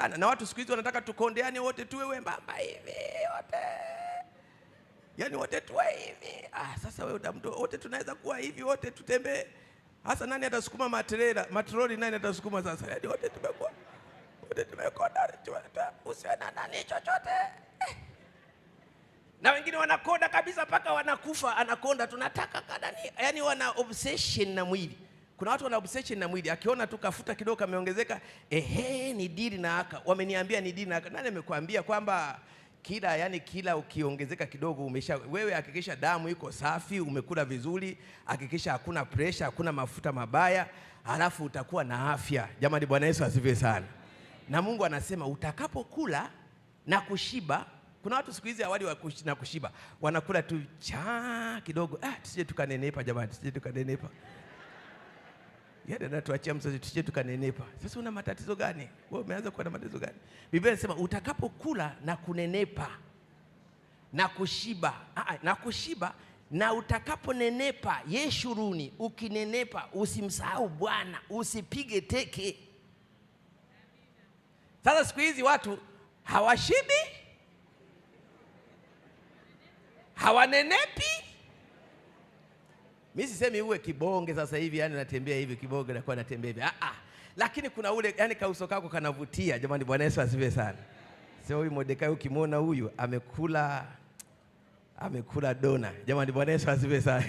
sana na watu siku hizi wanataka tukondeane yaani wote, tuwe wembamba hivi wote, yaani wote tuwe hivi. Ah, sasa wewe damdo, wote tunaweza kuwa hivi wote, tutembee hasa. Nani atasukuma matrela matroli? Nani atasukuma sasa? Yaani wote tumekuwa wote tumekonda, usiwe na nani chochote eh. Na wengine wanakonda kabisa mpaka wanakufa, anakonda tunataka kadani, yaani wana obsession na mwili kuna watu wana obsession na mwili, akiona tu kafuta kidogo kameongezeka, ehe, ni dili na aka, wameniambia ni dili na aka. Nani amekuambia kwamba kila yani, kila ukiongezeka kidogo umesha wewe. Hakikisha damu iko safi, umekula vizuri, hakikisha hakuna pressure, hakuna mafuta mabaya, halafu utakuwa na afya. Jamani, Bwana Yesu asifiwe sana. Na Mungu anasema utakapokula na kushiba. Kuna watu siku hizi awali na kushiba wanakula tu cha kidogo. Ah, tusije tukanenepa jamani, tusije tukanenepa. Yeye yaani ndio tuachia mzazi tusije tukanenepa. Sasa una matatizo gani? Wewe umeanza kuwa na matatizo gani? Biblia inasema utakapokula na kunenepa na kushiba, aa, ah, ah, na kushiba na utakaponenepa yeshuruni, ukinenepa usimsahau Bwana, usipige teke. Sasa siku hizi watu hawashibi, hawanenepi mimi sisemi uwe kibonge sasa hivi, yani natembea hivi kibonge na kwa natembea hivi. Ah ah. Lakini kuna ule yani kauso kako kanavutia. Jamani, Bwana Yesu asifiwe sana. Sio huyu Mordekai ukimwona huyu amekula amekula dona. Jamani, Bwana Yesu asifiwe sana.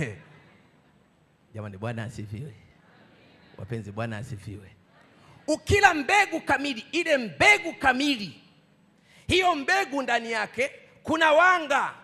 Jamani, Bwana asifiwe. Wapenzi, Bwana asifiwe. Ukila mbegu kamili, ile mbegu kamili, hiyo mbegu ndani yake kuna wanga